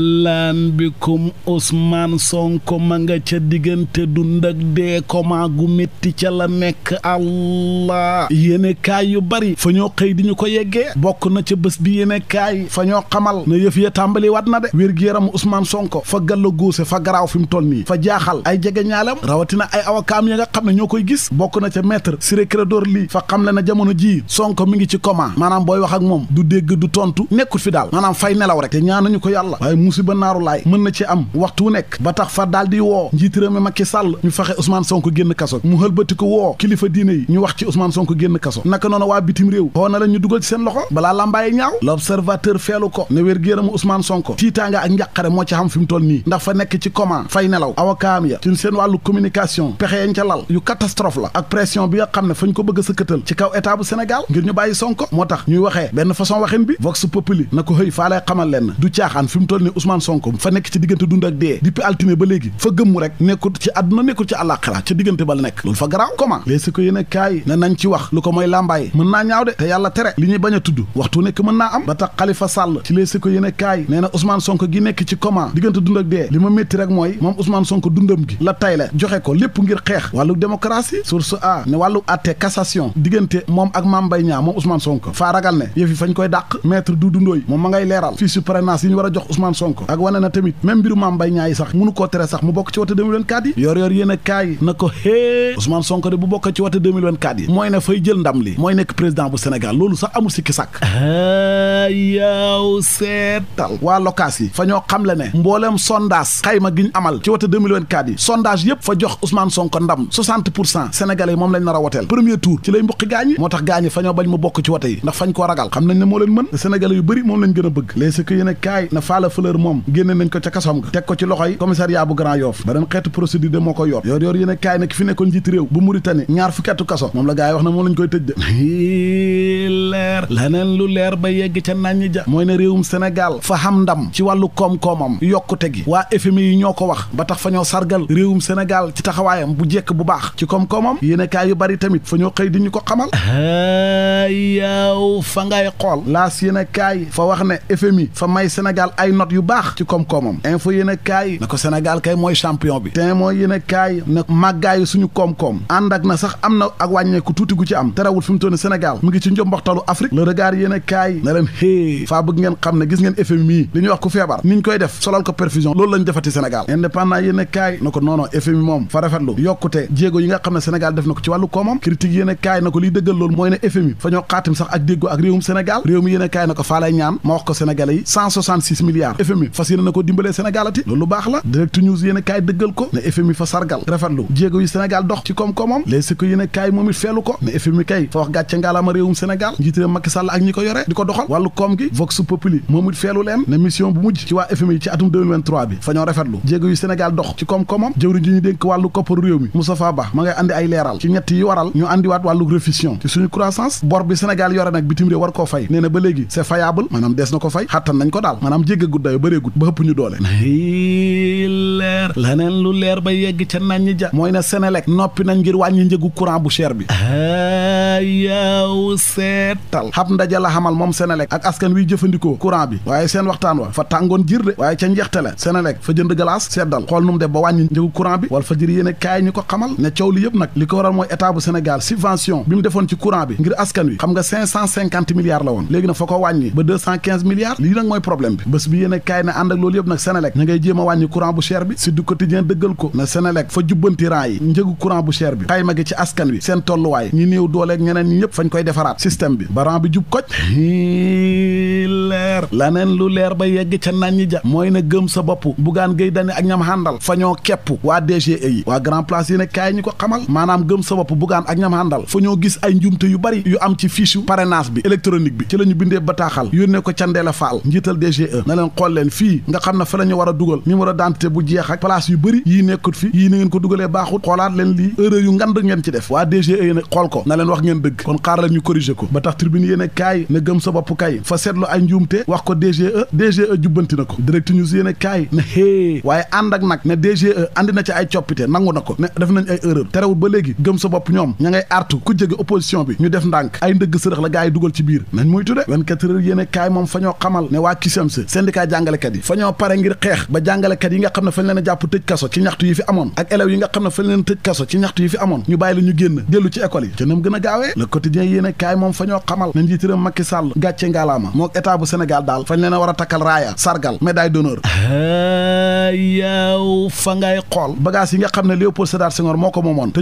ahlan bikum Ousmane Sonko ma nga ca diggante du ak dee koma gu métti ca la nekk allah yéene kaay yu bari fa ñoo xëy di ñu ko yeggee bokk na ca bés bi yéene kaay fa ñoo xamal na yëf ya tàmbali na de wér-gu-yaram Ousmane Sonko fa gàlla góose fa garaaw fi mu toll nii fa jaaxal ay jege ñaalam rawatina ay awakaam ya nga xam ne ñoo koy gis bokk na ca maître Ciré Clédor Ly fa xam le na jamono jii Sonko mi ngi ci coma maanaam booy wax ak moom du dégg du tontu nekkul fi daal musiba naaru laay mën na ci am waxtu wu nekk ba tax fa daal woo njiit réew mi Macky ñu fexe Ousmane Sonko génn kaso mu xëlbati woo kilifa diine yi ñu wax ci Ousmane Sonko génn kaso naka noonu waa bitim réew xoo ñu dugal ci seen loxo balaa làmbaay ñaaw l'observateur feelu ko ne wér géeramu Ousmane Sonko tiitaanga ak njàqare moo ci xam fi mu nii ndax fa nekk ci coma fay nelaw awakaam ya ci seen wàllu communication pexe yañ ca a sëkkatal ci kaw Ousmane Sonko fa nekk ci diggante dund ak dee depuis altine ba léegi ba la nekk loolu fa garaaw comment léeg si ko yéen naa a tudd waxtu nekk mën naa am ba tax Khalifa Sall ci léeg si ko yéen nee na Ousmane Sonko gi nekk ci comment diggante dund ak dee li ma métti rek mooy moom Ousmane Sonko dundam gi la tay la joxe ko lépp a ne wàllu atte moom ak Mame Mbaye Niang moom Ousmane Sonko faa ragal ne yëf yi fañ koy dàq maître Doudou Ndoye moom ma ngay leeral fii suprématie yi ñu war a jox Ousmane Sonko Sonko ak wane na tamit même mbiru Mame Mbaye Niang sax mënu koo tere sax mu bokk ci wote 2024 yi yor yor yéen a kaay na ko hee Ousmane Sonko de bu bokk ci wote 2024 yi mooy ne fay jël ndam li mooy nekk président bu Sénégal loolu sax amul sikki sàkk yaaw seetal waa lokaas yi fa ñoo xam le ne mbooleem sondage xayma gi amal ci wote 2024 yi sondage yépp fa jox Ousmane Sonko ndam 60 yi moom lañ nar a woteel premier tour ci lay mbuqi gaañi moo tax gaañi fa ñoo bañ bokk ci wote yi ndax fañ koo ragal xam nañ ne moo leen mën yu bëri moom lañ gën a a kaay moom génne nañ ko ca kasoom ga teg ko ci loxoy commissariat bu Grand Yoff beneen xeetu procédure de moo koy yoot yoor yoor yéen a kaay nekk fi nekkoon njiit réew bu Mauritanie ñaar fukki atu kaso moom la gaa yi wax na moom lañ koy tëj de leer leneen lu leer ba yegg ca nañ ñi ja mooy ne réewum Sénégal fa xam ndam ci wàllu koom-koomam yokkute gi waa FMI yi ñoo ko wax ba tax fa ñoo sargal réewum senegaal ci taxawaayam bu jekk bu baax ci koom-koomam yéen a yu bari tamit fa ñoo xëy di ñu ko xamal yaw fa ngay xool laas yéen a kaay fa wax ne yu baax ci koom-koomam info yéen a kaay na ko Sénégal kay mooy champion bi te mooy yéen a kaay na suñu koom-koom ànd ak na sax am na ak wàññeeku tuuti gu ci am terewul fi mu toll Sénégal mu ngi ci njombaxtalu Afrique le regard yéen a kaay na leen hée faa bëgg ngeen xam ne gis ngeen FMI li ñuy wax ku feebar niñ koy def solal ko perfusion loolu lañ defati Sénégal indépendant yéen a kaay na ko non non moom fa rafetlu yokkute jéego yi nga xam ne Sénégal def na ko ci wàllu koomam critique yéen a kaay na ko liy dëggal loolu mooy ne FMI fa ñoo xaatim sax ak déggoo a ko faa lay ñaan ma wax FMI fas yéene na ko dimbalee Sénégalati loolu lu baax la direct news yéen kaay dëggal ko ne FMI fa sargal rafetlu jéego yu Sénégal dox ci koom-koomam les si ñu dénk wàllu kopparu réew mi Moustapha Ba ma ngay andi ay leeral ci ñett yi waral ñu àndiwaat wàllu révision ci suñu croissance bor bi Sénégal yore nag bitim réew war koo fay nee na ba léegi c'est fayable maanaam dees na ko fay xattan nañ ko daal maanaam jéggagu dayo bëreegut ba ëpp ñu doole leer nen lu leer ba yegg ca nañ ja mooy ne Senelec noppi nañ ngir wàññi njëgu courant bu cher bi ah, yaw seetal xam ndaje la xamal moom Senelec ak askan wiy jëfandikoo courant bi waaye seen waxtaan wa fa tàngoon jir de waaye ca njeextale Senelec fa jënd galaas seddal xool nu mu def ba wàññi njëgu courant bi wala fa jër yéen kaay ñu ko xamal ne coow li yëpp nag li ko waral mooy état bu Sénégal subvention bi mu defoon na fa ko bi kaay ne ànd ak loolu yëpp nag Senelec ña ngay jéem wàññi courant bu cher bi si du quotidien dëggal ko na Senelec fa jubbanti ran yi njëgu courant bu cher bi xayma gi ci askan wi seen tolluwaay ñi néew dooleeg ñeneen ñi ñëpp fañ koy defaraat système bi baran bi jub koj leer nen lu leer ba yegg ca naan ñi ja mooy na gëm sa bopp bugaan géy dani ak ñam xàndal fa ñoo kepp waa DGE yi waa grand place yi ne kaay ñi ko xamal maanaam gëm sa bopp bugaan ak ñam xàndal fa ñoo gis ay njumte yu bari yu am ci fiche parrainage bi électronique bi ci la ñu bindee bataaxal yónnee ko candeela faal njiital leen fii nga xam na fa la ñu war a dugal numéro d'identité bu jeex ak place yu bëri yii nekkut fi yii ni ngeen ko dugalee baaxut xoolaat leen lii erreur yu ngand ngeen ci def waa a nag xool ko na leen wax ngeen dëgg kon xaar leen ñu corriger ko ba tax tribune yéen kaay na gëm sa bopp kaay fa seetlu ay njuumte wax ko DGE DGE jubbanti na ko direct news yéen kaay na hee waaye ànd ak nag ne DGE andi na ci ay coppite nangu na ko ne def nañ ay erreur terewul ba léegi gëm sa bopp ñoom ña ku jege opposition bi ñu def ndànk ay ndëgg sërëx la gaa yi dugal ci biir nañ moytu de 24 heures jàng jàngalekat yi pare ngir xeex ba jàngalekat yi nga xam ne fañ leen jàpp tëj kaso ci ñaxtu yi fi amoon ak élèves yi nga xam ne fañ leen tëj kaso ci ñaxtu yi fi amoon ñu bàyyi la génn dellu ci école yi te nam gën a gaawee le quotidien yéene kaay moom fa xamal ne njiitu réew Macky gàcce ngaalaama moo état bu daal fañ leen a takkal raaya sargal médaille d'honneur ah, yaaw fa ngay xool bagage yi nga xam ne Léopold Sédar Senghor moo ko moomoon te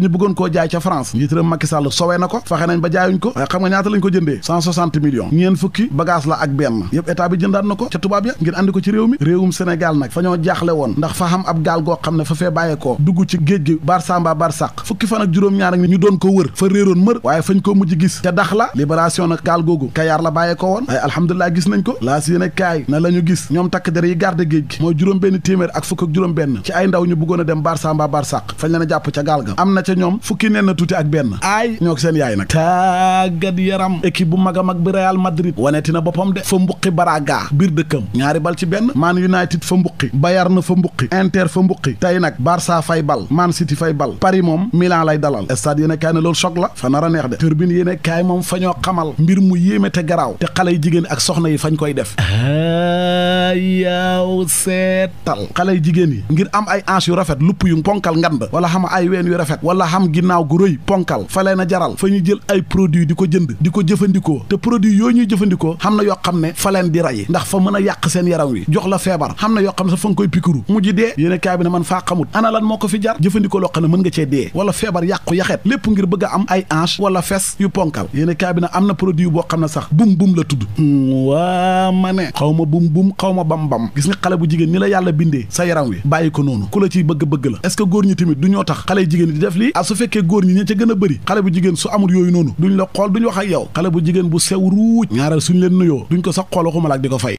ko ci réew mi réewum Sénégal nag fa ñoo jaaxle woon ndax fa xam ab gaal goo xam ne fa fee bàyyeekoo dugg ci géej gi barsamba barsàq fukki fan ak juróom-ñaar ak ñu doon ko wër fa réeroon mër waaye fañ koo mujj gis te dax la libération nag gaal googu kayaar la bàyyee ko woon ay alhamdulilah gis nañ ko laas yéen kaay na la ñu gis ñoom takk der yi garde géej gi mooy juróom benn téeméer ak fukk ak juróom benn ci ay ndaw ñu bëggoon a dem barsamba barsàq fañ leen a am na ca ñoom fukki nen na ak benn aay ñoo seen yaay nag tàggat yaram équipe bu mag a mag bi Real Madrid waneeti na boppam de fa mbuqi baraagaa biir dëkkam ñaari bal ci benn Man United fa mbuqi Bayern fa mbuqi Inter fa mbuqi tey nag Barça fay bal Man City fay bal Paris moom Milan lay dalal stade yéen a kaay ne loolu choc la fa nar a neex de turbine yéen a kaay moom fa ñoo xamal mbir mu yéeme te garaaw te xale yi jigéen ak soxna yi fañ koy def yaaw seetal xale yu jigéen yi ngir am ay hanches yu rafet lupp yu ponkal ngand wala xam ay ween yu rafet wala xam ginnaaw gu rëy ponkal fa leen a jaral fa ñu jël ay produit di ko jënd di ko jëfandikoo te produit yooyu ñuy jëfandikoo xam na yoo xam ne fa leen di rey ndax fa mën a yàq seen yaram garaaw yi jox la feebar xam na yoo xam ne fa nga koy pikiru mujj dee yéen kaay bi ne man faa xamut ana lan moo ko fi jar jëfandikoo loo xam ne mën nga cee dee wala feebar yàqu yaxet lépp ngir bëgg a am ay hanche wala fes yu ponkal yéen kaay bi ne am na produit boo xam ne sax bum bum la tudd hmm, waa ma ne xaw ma bum bum xaw ma bam bam gis nga xale bu jigéen ni la yàlla bindee sa yaram wi bàyyi ko noonu ku la ciy bëgg-bëgg la est góor ñi tamit du ñoo tax xale jigéen di def lii ah su a bëri xale bu jigéen su amul yooyu noonu duñ la xool duñ wax